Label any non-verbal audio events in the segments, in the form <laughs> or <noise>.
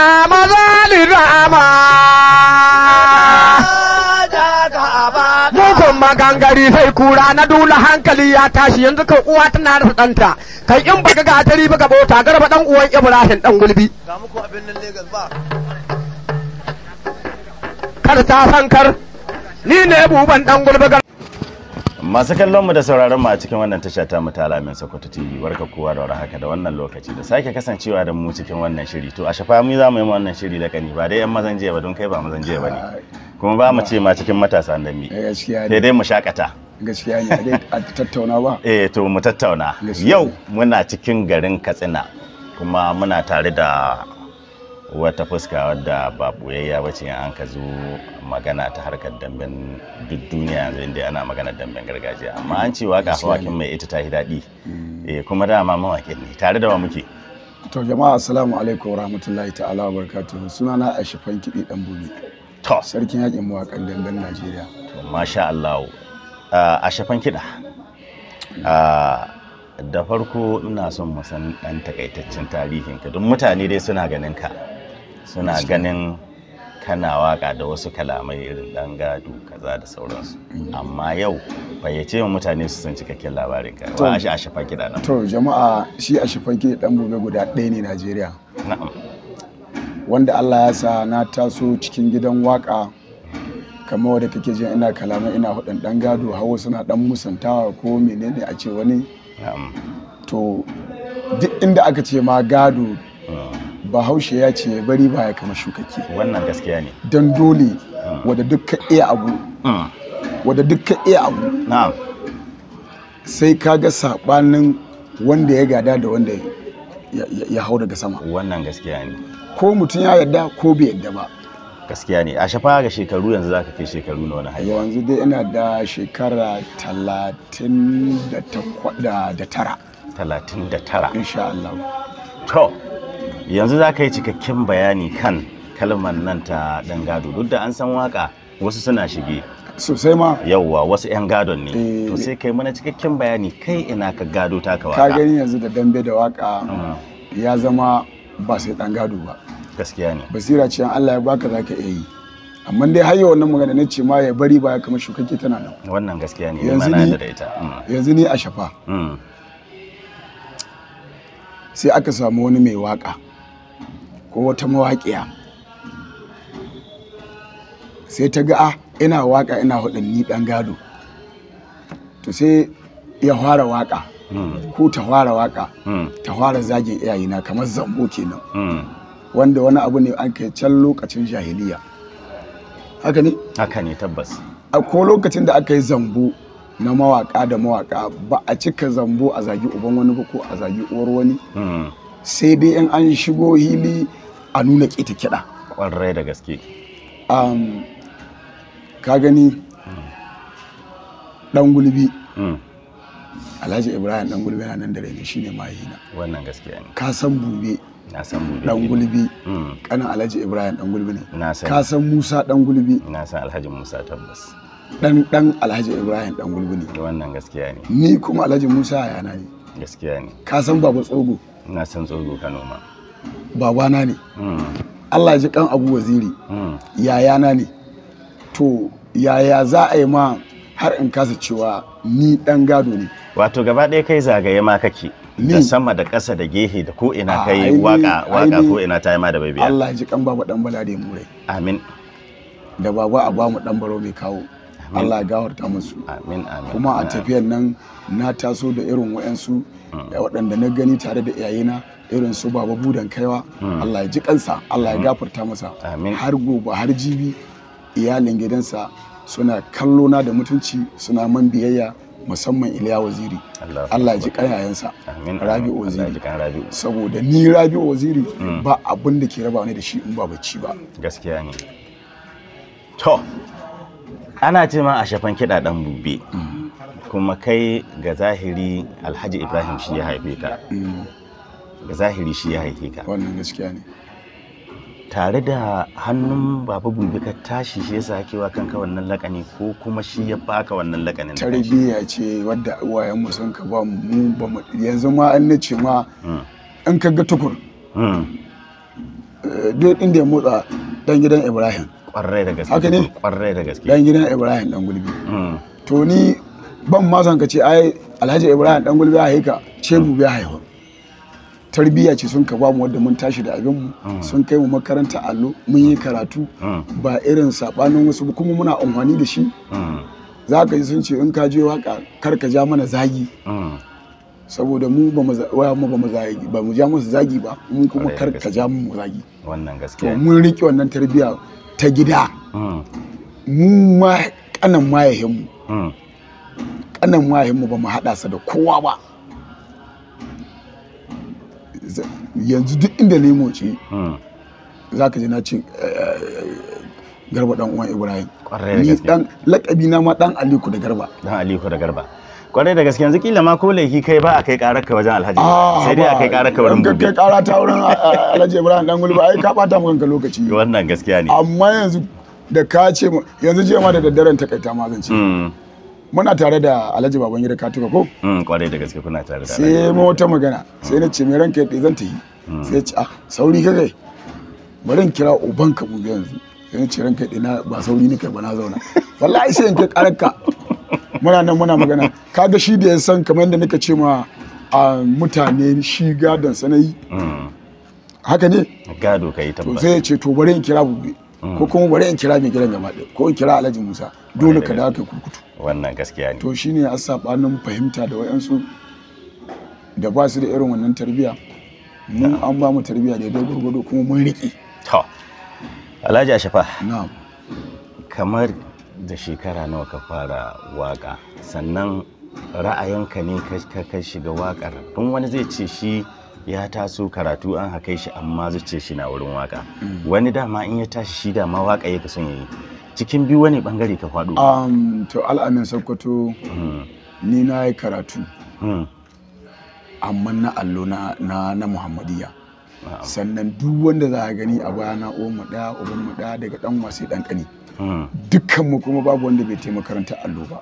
rama zali rama magangari sai kura na dula hankali ya tashi yanzu kan uwa tana rasa danta kai in baka ga tari baka bauta garba dan uwan ibrahim dan gulbi kar ta sankar ni ne buban dan gulbi masu kallon mu da sauraron mu a cikin wannan tasha ta mu ta Sokoto TV barka kowa da haka da wannan lokaci da sake kasancewa da mu cikin wannan shiri to a shafa mu za mu yi wannan shiri da kani ba dai yan mazan jiya ba don kai ba mazan jiya bane kuma ba mu ce ma cikin matasa dan mi eh, sai dai mu shakata gaskiya ne a tattauna ba <laughs> eh to mu tattauna yau muna cikin garin Katsina kuma muna tare da wata fuska wadda ba boyayya ba ce an ka zo magana ta harkar damben duk duniya yanzu inda ana magana damben gargajiya amma an ce waka wakin mai ita ta yi daɗi eh, kuma dama mawakin ne tare da wa muke to jama'a assalamu alaikum rahmatullahi ta'ala wa barakatuhu suna na a shifan kiɗi ɗan to sarkin yakin mawakan damben najeriya to masha allahu a shifan kiɗa da farko ina son mu san ɗan takaitaccen tarihinka don mutane dai suna ganin ka suna ganin kana waka da wasu kalamai irin dan gado kaza da sauransu mm. amma yau fayyace wa mutane su san cikakken labarin ka ba shi a shafan kiɗa nan to jama'a shi a shafan kiɗa dan gobe guda ɗaya ne Najeriya na'am wanda Allah ya sa na taso cikin gidan waka kamar wanda kake jin ina kalamai ina hudan dan gado hawo suna dan musantawa ko menene a ce wani na'am to duk inda aka ce ma gado bahaushe ya ce bari bari baya kama shukake wannan gaskiya ne don dole hmm. wadda dukka iya abu hmm. wadda dukka iya abu sai ka ga sabanin wanda ya gada da wanda ya hau daga sama wannan gaskiya ne ko mutum ya yarda ko bai yarda ba gaskiya ne a shafa ga shekaru yanzu za ka kai shekaru na wani haihuwa yanzu dai ina da shekara talatin da tara talatin da tara insha Allah to yanzu za ka yi cikakken bayani kan kalmar nan ta ɗan gado duk da an san waka wasu suna shige sosai ma yauwa wasu 'yan gadon ne eh. to sai kai mana cikakken bayani kai ina ka gado ta ka waka ka gani yanzu da dambe da waka mm. ya zama ba sai ɗan gado ba gaskiya ne basira ce Allah ya baka zaka iya yi amma dai har wannan magana na ce ma ya bari ba ya kama shukake tana nan wannan gaskiya ne yanzu ne da ita mm. yanzu ne a shafa mm. sai aka samu wani mai waka ko wata mawaƙiya sai ta ga ah ina waƙa ina ni ɗan gado to sai ya fara waƙa hmm. ko ta fara waƙa hmm. ta fara zagin iyayena kamar zambo kenan hmm. wanda wani abu ne an kai can lokacin jahiliya haka ne haka ne tabbas a ko lokacin da aka yi zambo na mawaka da mawaka ba a cika zambo a zagi uban wani ba ko a zagi uwar wani sai dai in an shigo hili a nuna kita kiɗa ƙwarai da gaske ka gani ɗan gulbi hmm. alhaji ibrahim ɗan gulbi yana nan da raini shine mahina wannan gaske ne ka san bube na san bube ɗan gulbi hmm. kanan alhaji ibrahim ɗan gulbi ne ka san musa ɗan gulbi na san alhaji musa tabbas dan dan alhaji ibrahim dan gulbi ne wannan gaskiya ne ni kuma alhaji musa yana ne gaskiya ne ka san baba tsogo ina san tsoro ka noma babana ne hmm. Allah ji kan abu waziri hmm. yayana ne to yaya za a yi ma har in kasa cewa ni dan gado ne wato gaba ɗaya kai zagaye ma kake da sama da ƙasa da gehe da ko ina kai waka waka ko ina ta yi ma da bai Allah ji kan baba dan bala da mure amin da baba a bamu dan baro mai kawo Allah ya gawarta musu amin amin kuma a tafiyar nan na taso da irin wayansu Mm. waɗanda na gani tare da iyayena irin su baba budan kaiwa mm. Allah ya ji kansa Allah ya mm. gafarta masa har gobe har jibi iyalin gidansa suna kallona da mutunci suna man biyayya musamman Iliya Waziri Allah ji kayayensa Rabi Waziri saboda ni Rabi Waziri ba abin da ke raba ni da shi in ba bacci ba gaskiya ne to ana ce ma a shafan kiɗa ɗan bube kuma kai ga zahiri alhaji ibrahim shi ya haife ka mm. ga zahiri shi ya haife ka wannan gaskiya ne tare da hannun baba gumbi ka tashi shi yasa ake wa kanka wannan lakani ko kuma shi ya baka wannan lakanin tarbiyya ce wadda uwayen mu sun ka ba mu ba mu yanzu ma an nace ma mm. in ka ga tukur mm. eh, duk inda ya motsa dan gidan ibrahim kwarai da gaske haka ne kwarai da gaske dan gidan ibrahim dan gulbi to ni ban ma san ka ce ai alhaji ibrahim dan gulbi ya ce mu ya haihu tarbiyya ce sun ka ba mu wanda mun tashi da abin mu hmm. sun kai mu makaranta allo mun yi karatu hmm. ba irin sabanin wasu kuma muna amfani da shi hmm. za ka ji sun ce in ka je waka kar ka ja mana zagi saboda mu ba mu ba mu zagi ba mu ja musu zagi ba mun kuma kar ka ja mu zagi wannan gaskiya mun riƙe wannan tarbiyya ta gida mu ma kanan mayahin mu kanan mu ba mu haɗa sa da kowa ba yanzu duk inda lemo ce hmm. za ka ji na ce eh, garba dan uwan ibrahim ni dan lakabi na ma dan aliku da garba dan aliku da garba kwarai da gaske yanzu kila ma ko laifi kai ba a kai karar ka wajen alhaji ah, sai dai a kai karar ka wurin gobe kai kara ta wurin eh, alhaji ibrahim dan gulba ai ka bata ka lokaci wannan gaskiya ne amma yanzu da ka ce yanzu je ma da daddaren takaita ma zan ce hmm. muna tare da alhaji baban gida katuka ko hmm, kwarai da gaske kuna tare da sai mu wata magana sai na ce mai ranka yadda zan ta yi hmm. sai ya ce ah sauri kai bari in kira uban ka gobe yanzu sai na ce ranka yadda na ba sauri ni kai ba na zauna wallahi sai in kai karanka muna nan muna magana kaga shi da ya san kamar yadda nika ce ma a mutane shi gadon sanayi hmm. haka ne gado kai tabbata sai ya ce to bari in kira gobe Mm. ko kuma bari in kira mai gidan gaba ko in kira alhaji musa dole ka dawo kai kurkutu wannan gaskiya ne to shine a sabanin fahimta da wayansu da ba su da irin wannan tarbiyya mun an ba mu tarbiyya da dai gurgudu kuma mun riƙe to alhaji ashafa na'am kamar da shekara nawa ka fara waka sannan ra'ayinka ne ka shiga wakar don wani zai ce shi ya taso karatu an haka shi amma zuce shi na wurin waka mm. wani dama in ya tashi shi dama waka yake son yi cikin biyu wani bangare ka faɗo um, to al'amin sokoto mm. ni na yi karatu mm. amma na allo na na muhammadiya sannan duk wanda za a gani a baya na mu ɗaya uban mu ɗaya daga ɗan wasi ɗan ƙani dukkan mu kuma babu wanda bai taimaka makaranta allo ba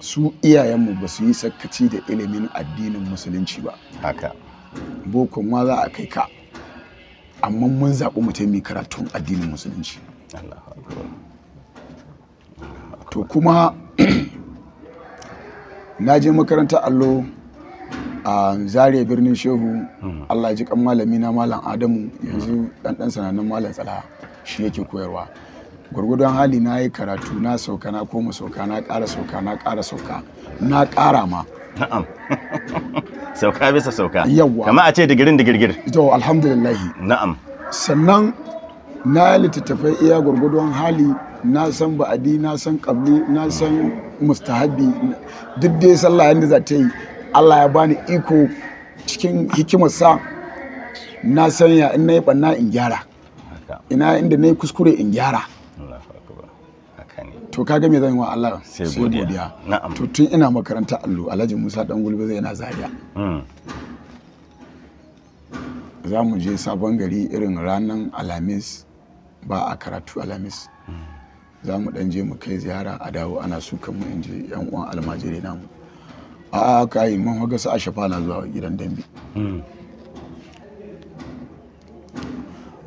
su iyayenmu ba su yi sakaci da ilimin addinin musulunci ba haka boko ma za a kai ka amma mun zaɓi mu taimi karatu addinin musulunci to kuma <clears throat> na je makarantar allo a zariya birnin shehu hmm. allah ji kan malami na malam adamu yanzu dan sanannen malam tsala shi yake koyarwa gwargwadon hali na yi karatu na sauka na koma sauka na ƙara sauka na ƙara sauka na ƙara ma na'am <laughs> sauka bisa sauka Yawwa. kama a ce digirin digirgir to alhamdulillah na'am sannan na littattafai iya gwargwadon hali na san ba'adi na san kabli na san mustahabi duk dai sallah yadda za ta yi Allah ya bani iko cikin hikimarsa na sanya in na yi ɓanna in gyara ina inda na yi kuskure in gyara to ga me zan wa Allah sai godiya na'am to tun ina makaranta allo Alhaji Musa dan gulbe zai yana Zaria hmm. za mu je sabon gari irin ranar alhamis ba a karatu alhamis hmm. za mu dan je mu kai ziyara a dawo ana sukan mu in je yan uwan almajiri namu a kai mun haga su shafa na zuwa gidan dambe hmm.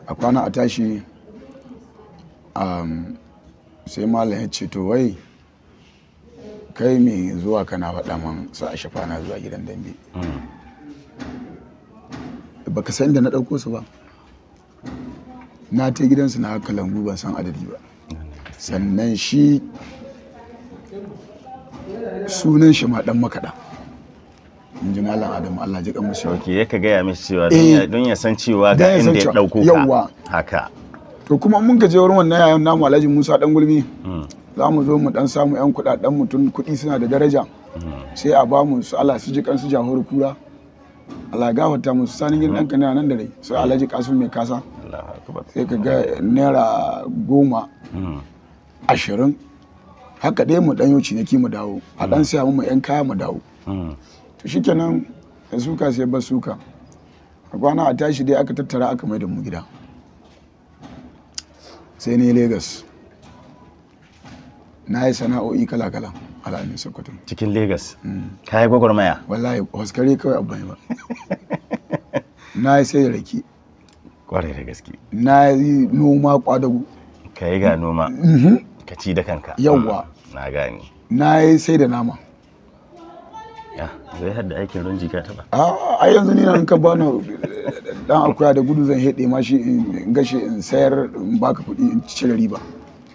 a kwana a tashi um, sai malam ya ce to wai kai me zuwa kana faɗa man sa a shafa na zuwa gidan dambe hmm. ka san da na ɗauko su ba na ta gidansu na haka langu ban san adadi ba sannan shi sunan shi ma dan makaɗa in ji malam adamu allah ji kan musu ya ka gaya mishi cewa eh. don ya san cewa ga inda ya ɗauko ka haka to kuma mun ka je wurin wannan yayan namu Alhaji Musa dan gulmi hmm. za mu zo mu dan samu yan kudaden mutum kudi suna da daraja hmm. sai a ba mu su Allah su ji kansu jahor kura Allah gafarta musu sani gidan danka na nan da rai sai hmm. Alhaji Kasim mai kasa sai ka ga naira goma ashirin haka dai mu dan yau ciniki mu dawo a dan sai mu yan kaya mu dawo to shikenan da suka sai suka a kwana a tashi dai aka tattara aka mai da mu gida sai ni Legas. na yi sana'o'i kala-kala a ranar sokoto cikin Legas. Mm. ka yi gwagwarmaya wallahi waskare kawai abu ba <laughs> na yi sai da rake kwarai da gaske na yi noma kwadago ka yi ga noma mm-hmm. ka ci da kanka yawwa na gani na yi sai da nama wai har da aikin runji ta ba. a yanzu ni nan ka bani dan akuya da gudu zan hede ma shi in gashi in sayar in baka kuɗi in cire riba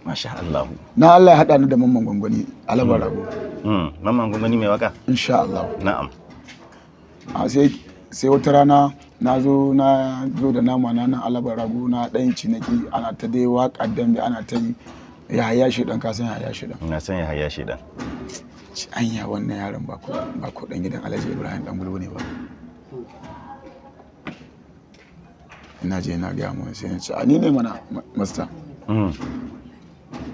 masha Allah na Allah ya hada ni da mamman gwangwani alabar hmm. rago hmm, mamman gwangwani mai waka insha Allah na'am a sai sai wata rana na zo na zo da nama na nan alabar rago na dan ciniki ana ta dai waka dambe ana ta yi ya haya shi dan ka san ya haya shi dan na san ya haya shi dan ci anya wannan yaron ba ko dan gidan alhaji ibrahim dan gulbu ne ba ina je na gaya mun sai ya ce a ni ne mana masta mm.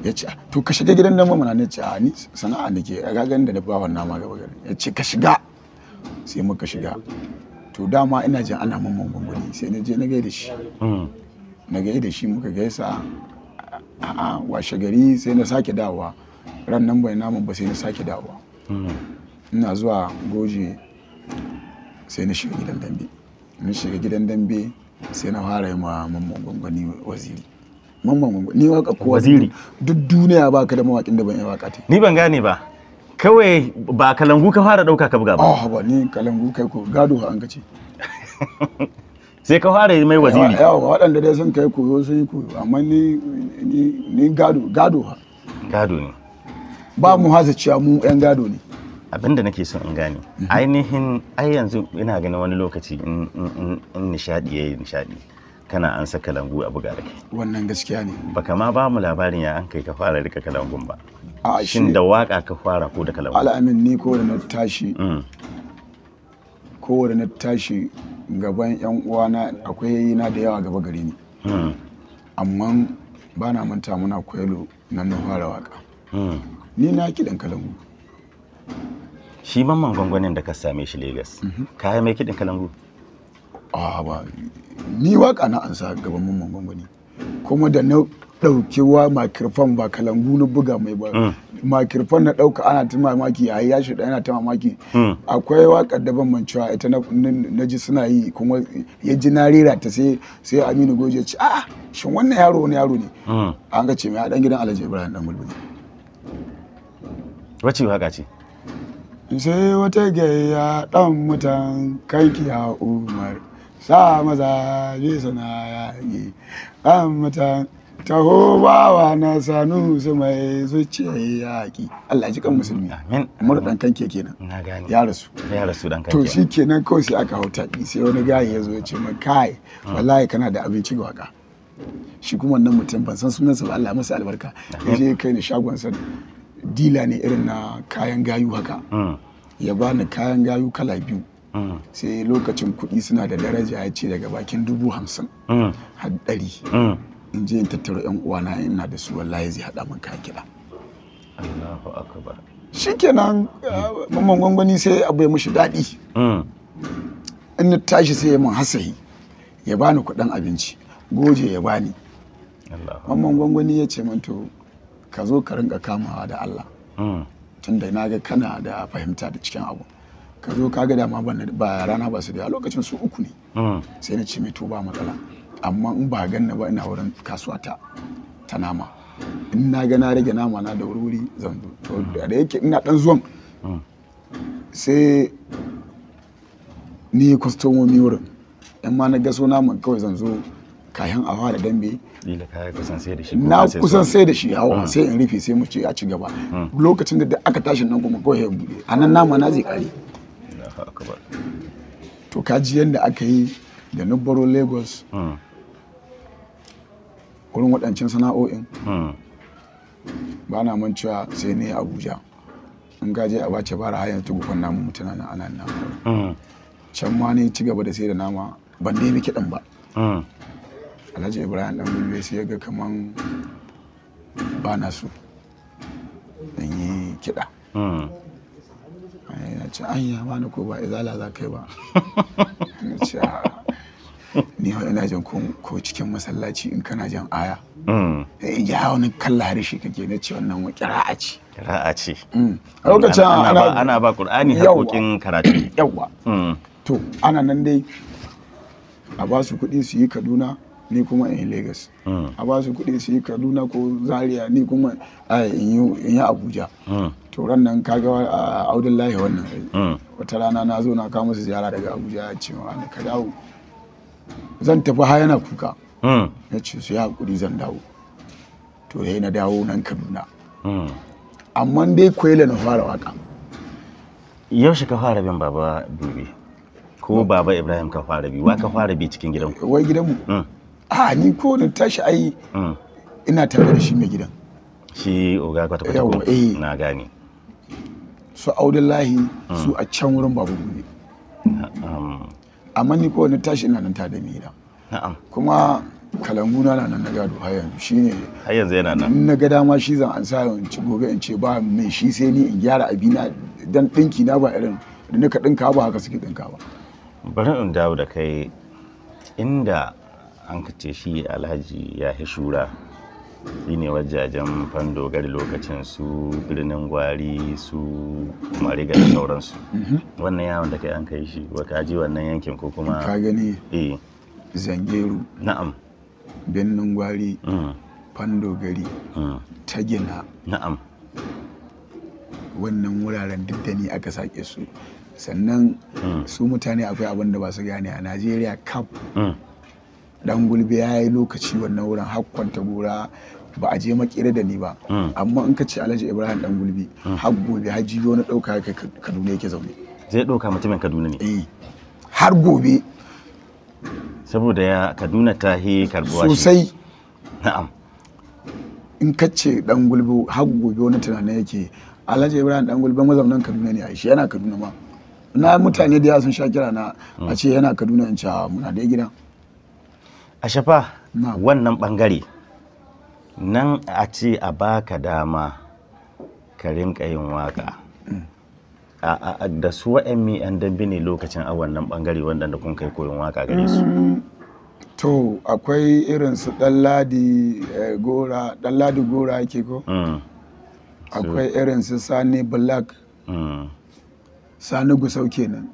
ya ce to ka shiga gidan nan mana ne ce a ni sana'a nake ga ganin da ba wannan ma gaba gari ya ce ka shiga sai muka shiga to dama ina jin ana mun mangwangwani sai na je na gaida shi mm. na gaida shi muka gaisa a washe gari sai na sake dawowa ran nan bai namun ba sai na sake dawowa hmm. ina zuwa goje sai na shiga gidan dambe na shiga gidan dambe sai na fara yi ma mamman gwangwani waziri mamman gwangwani ni waka ko waziri duk duniya ba ka da mawakin da ban yi waka ni ban gane ba kawai ba kalangu ka fara dauka ka buga ba oh ah, ba ni kalangu kai ko gado an kace <laughs> sai ka fara yi mai waziri yawa waɗanda dai sun kai koyo sun yi koyo amma ni ni gado gado ha gado ne ba mu haza cewa mu yan gado ne Abinda nake son in gane mhm. ainihin ai yanzu ina ganin wani lokaci in nishadi yayi nishadi kana an saka langu a buga da wannan gaskiya ne baka ma ba mu labarin ya an kai ka fara rika kalangun ba shin da waka ka fara ko da kalangun al'amin ni ko da na tashi mm. ko da na tashi gaban yan uwana akwai na da yawa gaba gare ni mm. amma ba na manta muna kwelo nan na fara waka mm. ni na kiɗan kalangu shi man gwangwanin da ka same shi Legas mhm. ka yi mai kiɗin kalangu a ah, ba ni waka na ansa gaban man gwangwani kuma da na ɗaukewa makirfan ba kalangu na buga mai ba makirfan mm. na ɗauka ana ta mamaki a ya shi yana ta mamaki mm. akwai waka da ban cewa ita na ji suna yi kuma ya ji na rera ta sai sai aminu goje ci a shin wannan yaro wani yaro ne mm. an ga ce mai a ɗan gidan alhaji ibrahim dan mulmuli Wace waka ce? Sai wata gayya ɗan mutan kanki a Umar. Sa maza sana ya yi, Ɗan mutan taho bawa na sanu su mai ya yaƙi. Allah ji kan musulmi. Amin. Umar ɗan kanke kenan. Na gani. Ya rasu. Ya rasu ɗan kanke. To shi kenan ko sai aka hau taɓi sai wani gayi ya zo ya ce ma kai ah. wallahi kana da abinci ga waka. shi kuma wannan mutum ban san sunansa ba Allah masa albarka ya je kai ni sa dila ne irin na kayan gayu haka hmm. ya bani kayan gayu kala biyu hmm. sai lokacin kuɗi suna da daraja ya ce daga bakin dubu hamsin hmm. har ɗari in je in tattaro yan uwana ina da su wallahi zai haɗa min kayan kiɗa shikenan ah, mamman gwangwani sai abu ya mushi daɗi in na tashi sai ya mun hasahi ya bani kuɗin abinci goje ya bani mamman gwangwani ya ce min to ka zo ka rinka kamawa da Allah mm. tun da na ga kana da fahimta da cikin abu ka zo ka ga dama ba rana ba su da lokacin su uku ne mm. sai na ce mai to ba matsala amma in ba gan na ba ina wurin kasuwa ta ta nama in na ga na rage nama na da wuri zan zo to da yake ina dan zuwan mm. sai ni kwastomomi wurin in ma na gaso naman kawai zan zo kayan awa da dambe kila ka kusan sai da shi na kusan sai da shi hawa hmm. sai in rufe sai mu ce a ci gaba hmm. lokacin da aka tashi nan kuma ko ya bude a nan nama na zai kare to ka ji yadda aka yi da nubaro lagos hmm. wurin waɗancan sana'o'in ba na mancewa sai ne abuja in gaje a bace bara har yanzu namu mutuna na ana nama can ma ne ci gaba da sai da nama ban dai kiɗan ba alhaji ibrahim dan gulbe sai ya ga kaman ba na su. dan yi kiɗa ya hmm. ce an yi ni ko ba izala za kai ba <laughs> na ce ni wa ina jin ko cikin masallaci in kana jan aya hmm. eh, Ya ji hawa kalla harshe kake na ce wannan kira'a ce kira'a ce hmm. a lokacin ana ba qur'ani haƙoƙin karatu yawa to ana nan dai a ba su kuɗi su yi kaduna ni kuma in Lagos hmm. a ba su kuɗi su yi Kaduna ko Zaria ni kuma in yi Abuja hmm. turan nan kaga a lahi wannan hmm. wata rana na zo na kawo musu ziyara daga Abuja ya ce wa ka dawo zan tafi ha yana kuka ya ce su ya hakuri zan dawo to yayi na dawo nan Kaduna amma dai kwele na fara waka yaushe ka fara bin baba dubi ko baba ibrahim ka fara bi wa ka fara bi cikin gidanku wai gidanmu a ni ko da tashi ai mm. ina tare da shi mai gidan shi oga kwata kwata ko eh. na gane su audullahi mm. su a can wurin babu gobe amma ni ko da tashi ina nan tare da mai na'am kuma kalanguna na nan na gado har yanzu shine har yanzu yana nan na ga dama shi zan an sa in ci gobe in ce ba mai shi sai ni in gyara abina dan dinki na ba irin da nika dinka ba haka suke dinka ba bari in dawo da kai inda an kace shi alhaji ya shura shi ne wajajen fando gari lokacin su birnin gwari su mariga da sauransu mhm. wannan yawon da kai an kai shi wa ji wannan yankin ko kuma ka gani eh zangeru na'am birnin gwari mm. fando mm. ta gina na'am wannan wuraren duk da ni aka sake su sannan mm. su mutane akwai abin da ba su gane a najeriya kaf dan gulbe ya yi lokaci wannan wurin hakkwanta gora ba a je makira da ni ba hmm. amma in ka ce alhaji ibrahim dan gulbe hmm. har gobe har na dauka ka kaduna yake zaune zai ɗauka mutumin kaduna ne eh har gobe saboda ya kaduna ta he karbuwa sosai na'am in ka ce dan gulbe har gobe wani tunanin yake alhaji ibrahim dan gulbe mazaunan kaduna ne a shi yana kaduna ma na mutane da yawa sun sha kira na hmm. a ce yana kaduna in ca ah, muna da gidan a shafa wannan bangare nan a ce a baka dama ka rinka yin waka mm. da su wa'yan yan dambe ne lokacin a wannan bangare wanda kun kai koyon waka gare su mm. to akwai irin su ɗanladi eh, gora ake ko mm. akwai irin su sani black sani gusau kenan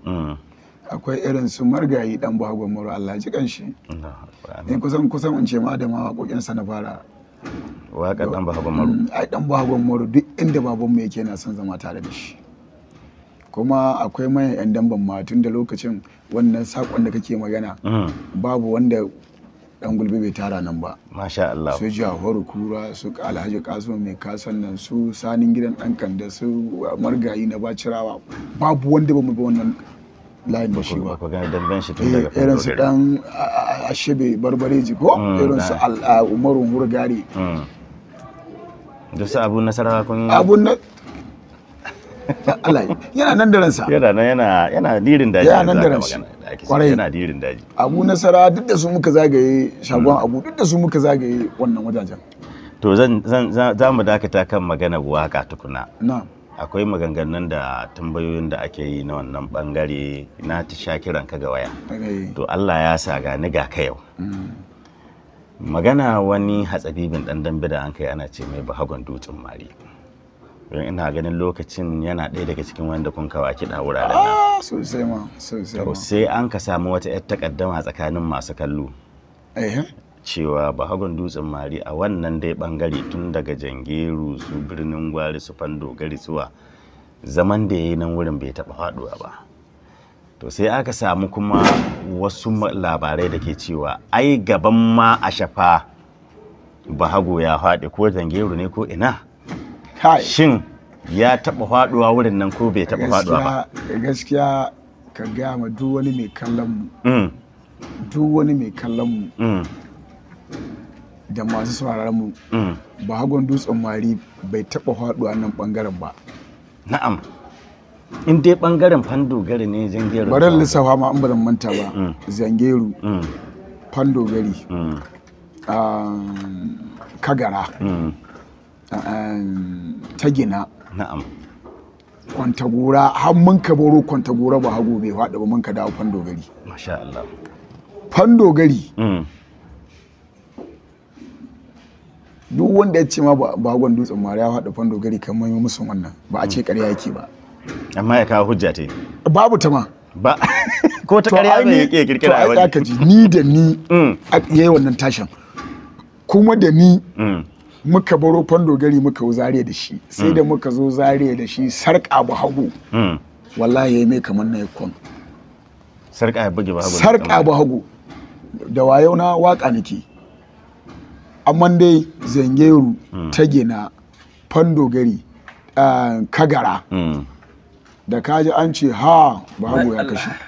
akwai irin su margayi dan bahagon moro Allah ji kanshi ne eh, kusan kusan in ce ma da ma waƙoƙin sa na fara waka dan bahagon moro ai dan bahagon moro duk inda baban mu yake na son zama tare da shi kuma akwai mayan yan damban ma tun da lokacin wannan sakon da kake magana mm. babu wanda dan gulbi bai tara nan ba masha Allah su jahoru kura su alhaji kaso mai kasan nan su sanin gidan dan kanda su margayi na bacirawa babu wanda ba mu ba wannan layin ba shi ba eh, irin su dan ashebe barbareji ko mm, irin su umarun hurgari mm. da su abu nasara kun abu na Allah yana nan da ransa yana nan yana yana dirin daji yana nan da ransa kwarai yana dirin daji abu nasara duk da su muka zagaye shagon mm. abu duk da su muka zagaye wannan wajajen to zan zan za mu dakata kan maganar waka tukuna na'am akwai maganganun da tambayoyin da ake yi na wannan bangare na ta sha kiran ka ga waya eh. to Allah ya sa ga ni ga ka yau mm. magana wani hatsabibin dan dambe da an kai ana ce mai bahagon dutsen mari don ina ganin lokacin yana ɗaya daga cikin wanda kun kawa kiɗa wuraren ah, sosai ma sosai ma sai an ka samu wata 'yar takaddama tsakanin masu kallo eh. cewa bahagon dutsen mari a wannan dai bangare tun daga jangeru su birnin gwari su fando gari zuwa zaman da ya yi nan wurin bai taɓa faɗuwa ba to sai aka samu kuma wasu labarai da ke cewa ai gaban ma a shafa bahago ya faɗi ko jangeru ne ko ina shin ya taɓa faɗuwa wurin nan ko bai taɓa faɗuwa ba gaskiya ka gaya ma duk wani mai kallon mu mm. duk wani mai kallon mu mm. da masu sauraron mu hmm. ba hagon dutsen mari bai taba faduwa nan bangaren ba na'am in dai bangaren fandogari ne zangeru bari lissafa ma an bazan manta ba hmm. zangeru hmm. fandogari um, kagara um, tagina na'am kwantagora har mun ka boro kwantagora ba hago bai faɗi ba mun ka dawo fandogari masha Allah fandogari duk wanda ya ce ma ba gwan dutsen mara ya haɗa fando gari kan manyan musun wannan ba a ce ƙarya yake ba amma ya kawo hujja ta babu ta ma ba <laughs> ko ta ƙarya ne ya kirkira a wani to ji ni da ni mm. yayi wannan tashin kuma da ni mm. muka baro fando gari muka zo zariya da shi sai da mm. muka zo zariya da shi sarƙa bu hagu wallahi yi mai kamar na yakon sarƙa ya buge ba hagu sarƙa bu hagu da wayo na waka nake amma dai zangeru hmm. ta gina fandogari dogari ah, kagara hmm. da kaji an ce ha babu ya kashe